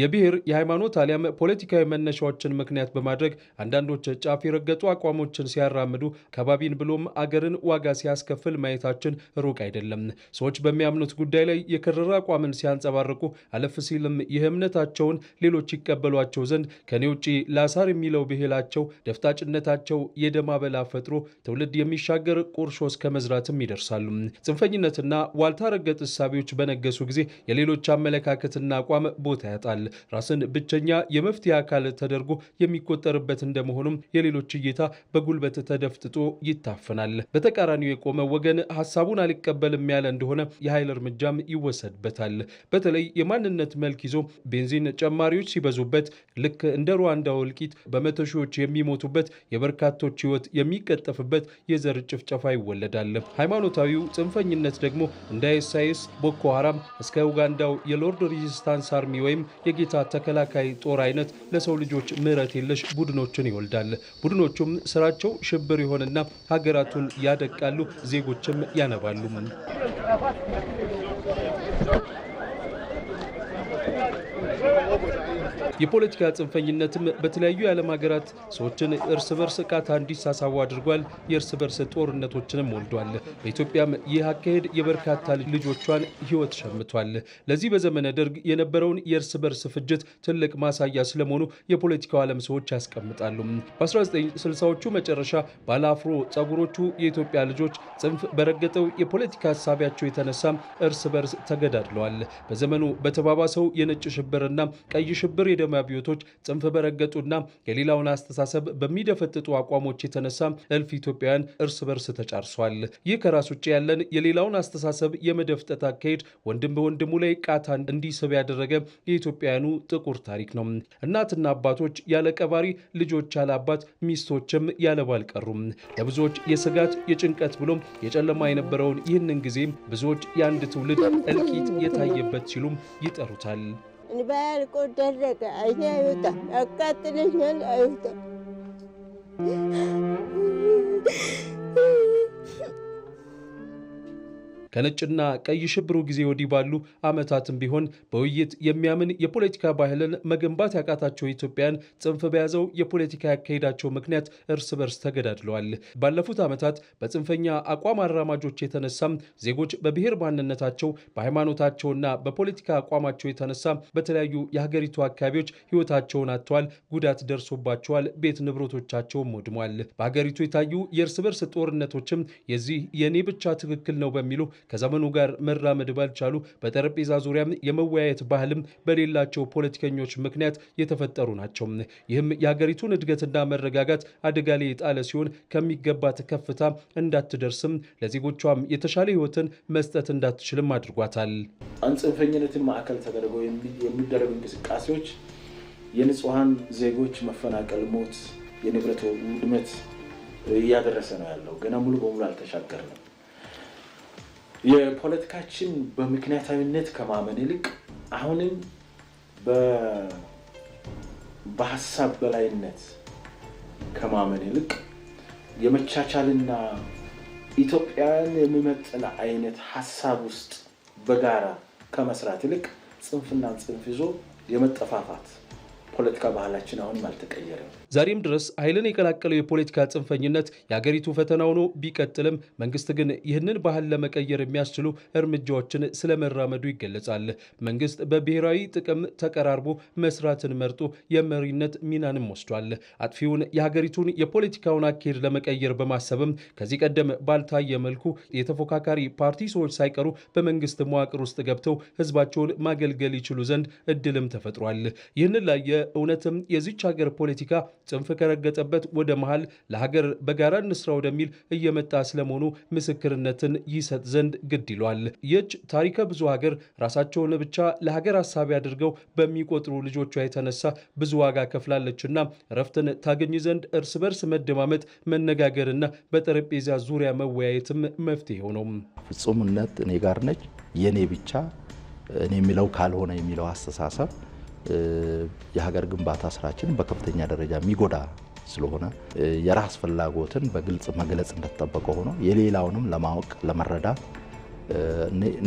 የብሔር የሃይማኖት አሊያም ፖለቲካዊ መነሻዎችን ምክንያት በማድረግ አንዳንዶች ጫፍ የረገጡ አቋሞችን ሲያራምዱ ከባቢን ብሎም አገርን ዋጋ ሲያስከፍል ማየታችን ሩቅ አይደለም። ሰዎች በሚያምኑት ጉዳይ ላይ የከረረ አቋምን ሲያንጸባርቁ አለፍ ሲልም ይህ እምነታቸውን ሌሎች ይቀበሏቸው ዘንድ ከኔ ውጭ ላሳር የሚለው ብሔላቸው ደፍጣጭነታቸው የደማበላ ፈጥሮ ትውልድ የሚሻገር ቁርሾ እስከ መዝራትም ይደርሳሉ። ጽንፈኝነትና ዋልታ ረገጥ እሳቤዎች በነገሱ ጊዜ የሌሎች አመለካከትና አቋም ቦታ ያጣል። ራስን ብቸኛ የመፍትሄ አካል ተደርጎ የሚቆጠርበት እንደመሆኑም የሌሎች እይታ በጉልበት ተደፍጥጦ ይታፈናል። በተቃራኒው የቆመ ወገን ሀሳቡን አልቀበልም ያለ እንደሆነ የኃይል እርምጃም ይወሰድበታል። በተለይ የማንነት መልክ ይዞ ቤንዚን ጨማሪዎች ሲበዙበት ልክ እንደ ሩዋንዳው እልቂት በመቶ ሺዎች የሚሞቱበት የበርካቶች ህይወት የሚቀጠፍበት የዘር ጭፍጨፋ ይወለዳል። ሃይማኖታዊው ጽንፈኝነት ደግሞ እንደ ኤሳይስ ቦኮ ሀራም እስከ ኡጋንዳው የሎርድ ሪዚስታንስ አርሚ ወይም የጌታ ተከላካይ ጦር አይነት ለሰው ልጆች ምሕረት የለሽ ቡድኖችን ይወልዳል። ቡድኖቹም ስራቸው ሽብር የሆነና ሀገራቱን ያደቃሉ፣ ዜጎችም ያነባሉ። የፖለቲካ ጽንፈኝነትም በተለያዩ የዓለም ሀገራት ሰዎችን እርስ በርስ ቃታ እንዲሳሳቡ አድርጓል። የእርስ በርስ ጦርነቶችንም ወልዷል። በኢትዮጵያም ይህ አካሄድ የበርካታ ልጆቿን ሕይወት ሸምቷል። ለዚህ በዘመነ ደርግ የነበረውን የእርስ በርስ ፍጅት ትልቅ ማሳያ ስለመሆኑ የፖለቲካው ዓለም ሰዎች ያስቀምጣሉ። በ1960ዎቹ መጨረሻ ባለአፍሮ ጸጉሮቹ የኢትዮጵያ ልጆች ጽንፍ በረገጠው የፖለቲካ ሀሳቢያቸው የተነሳ እርስ በርስ ተገዳድለዋል። በዘመኑ በተባባሰው የነጭ ሽብርና ቀይ ሽብር የዘር የደም አብዮቶች ጽንፍ በረገጡና የሌላውን አስተሳሰብ በሚደፈጥጡ አቋሞች የተነሳ እልፍ ኢትዮጵያውያን እርስ በርስ ተጫርሷል። ይህ ከራስ ውጭ ያለን የሌላውን አስተሳሰብ የመደፍጠት አካሄድ ወንድም በወንድሙ ላይ ቃታ እንዲስብ ያደረገ የኢትዮጵያውያኑ ጥቁር ታሪክ ነው። እናትና አባቶች ያለ ቀባሪ፣ ልጆች ያለ አባት፣ ሚስቶችም ያለ ባል ቀሩም። ለብዙዎች የስጋት የጭንቀት ብሎም የጨለማ የነበረውን ይህንን ጊዜ ብዙዎች የአንድ ትውልድ እልቂት የታየበት ሲሉም ይጠሩታል። Nibarco ከነጭና ቀይ ሽብሩ ጊዜ ወዲህ ባሉ ዓመታትም ቢሆን በውይይት የሚያምን የፖለቲካ ባህልን መገንባት ያቃታቸው ኢትዮጵያን ጽንፍ በያዘው የፖለቲካ ያካሄዳቸው ምክንያት እርስ በርስ ተገዳድለዋል። ባለፉት ዓመታት በጽንፈኛ አቋም አራማጆች የተነሳም ዜጎች በብሔር ማንነታቸው፣ በሃይማኖታቸውና በፖለቲካ አቋማቸው የተነሳ በተለያዩ የሀገሪቱ አካባቢዎች ሕይወታቸውን አጥተዋል፣ ጉዳት ደርሶባቸዋል፣ ቤት ንብረቶቻቸውም ወድሟል። በሀገሪቱ የታዩ የእርስ በርስ ጦርነቶችም የዚህ የእኔ ብቻ ትክክል ነው በሚሉ ከዘመኑ ጋር መራመድ ባልቻሉ በጠረጴዛ ዙሪያም የመወያየት ባህልም በሌላቸው ፖለቲከኞች ምክንያት የተፈጠሩ ናቸው። ይህም የሀገሪቱን እድገትና መረጋጋት አደጋ ላይ የጣለ ሲሆን ከሚገባት ከፍታ እንዳትደርስም ለዜጎቿም የተሻለ ህይወትን መስጠት እንዳትችልም አድርጓታል። ጽንፈኝነትን ማዕከል ተደርገው የሚደረጉ እንቅስቃሴዎች የንጹሐን ዜጎች መፈናቀል፣ ሞት፣ የንብረት ውድመት እያደረሰ ነው ያለው። ገና ሙሉ በሙሉ አልተሻገርንም። የፖለቲካችን በምክንያታዊነት ከማመን ይልቅ አሁንም በሀሳብ በላይነት ከማመን ይልቅ የመቻቻልና ኢትዮጵያን የሚመጥን አይነት ሀሳብ ውስጥ በጋራ ከመስራት ይልቅ ጽንፍና ጽንፍ ይዞ የመጠፋፋት ፖለቲካ ባህላችን አሁንም አልተቀየረም። ዛሬም ድረስ ኃይልን የቀላቀለው የፖለቲካ ጽንፈኝነት የአገሪቱ ፈተና ሆኖ ቢቀጥልም መንግስት ግን ይህንን ባህል ለመቀየር የሚያስችሉ እርምጃዎችን ስለመራመዱ ይገለጻል። መንግስት በብሔራዊ ጥቅም ተቀራርቦ መስራትን መርጦ የመሪነት ሚናንም ወስዷል። አጥፊውን የሀገሪቱን የፖለቲካውን አካሄድ ለመቀየር በማሰብም ከዚህ ቀደም ባልታየ መልኩ የተፎካካሪ ፓርቲ ሰዎች ሳይቀሩ በመንግስት መዋቅር ውስጥ ገብተው ህዝባቸውን ማገልገል ይችሉ ዘንድ እድልም ተፈጥሯል። ይህንን ላየ የእውነትም የዚች ሀገር ፖለቲካ ጽንፍ ከረገጠበት ወደ መሃል ለሀገር በጋራ እንስራ ወደሚል እየመጣ ስለመሆኑ ምስክርነትን ይሰጥ ዘንድ ግድ ይሏል። ይህች ታሪከ ብዙ ሀገር ራሳቸውን ብቻ ለሀገር ሀሳቢ አድርገው በሚቆጥሩ ልጆቿ የተነሳ ብዙ ዋጋ ከፍላለችና እረፍትን ታገኝ ዘንድ እርስ በርስ መደማመጥ፣ መነጋገርና በጠረጴዛ ዙሪያ መወያየትም መፍትሄው ነው። ፍጹምነት እኔ ጋር ነች የእኔ ብቻ እኔ የሚለው ካልሆነ የሚለው አስተሳሰብ የሀገር ግንባታ ስራችን በከፍተኛ ደረጃ የሚጎዳ ስለሆነ የራስ ፍላጎትን በግልጽ መግለጽ እንደተጠበቀ ሆኖ የሌላውንም ለማወቅ ለመረዳት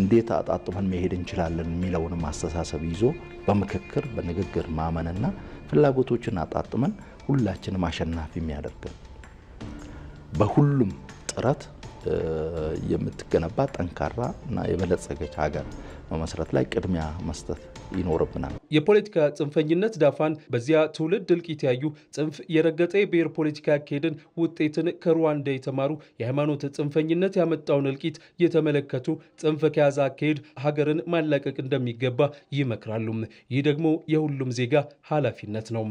እንዴት አጣጥመን መሄድ እንችላለን የሚለውንም አስተሳሰብ ይዞ በምክክር በንግግር ማመንና ፍላጎቶችን አጣጥመን ሁላችንም አሸናፊ የሚያደርገን በሁሉም ጥረት የምትገነባ ጠንካራ እና የበለጸገች ሀገር መመስረት ላይ ቅድሚያ መስጠት ይኖርብናል። የፖለቲካ ጽንፈኝነት ዳፋን በዚያ ትውልድ እልቂት ያዩ ጽንፍ የረገጠ የብሔር ፖለቲካ ያካሄድን ውጤትን ከሩዋንዳ የተማሩ የሃይማኖት ጽንፈኝነት ያመጣውን እልቂት የተመለከቱ ጽንፍ ከያዘ አካሄድ ሀገርን ማላቀቅ እንደሚገባ ይመክራሉ። ይህ ደግሞ የሁሉም ዜጋ ኃላፊነት ነው።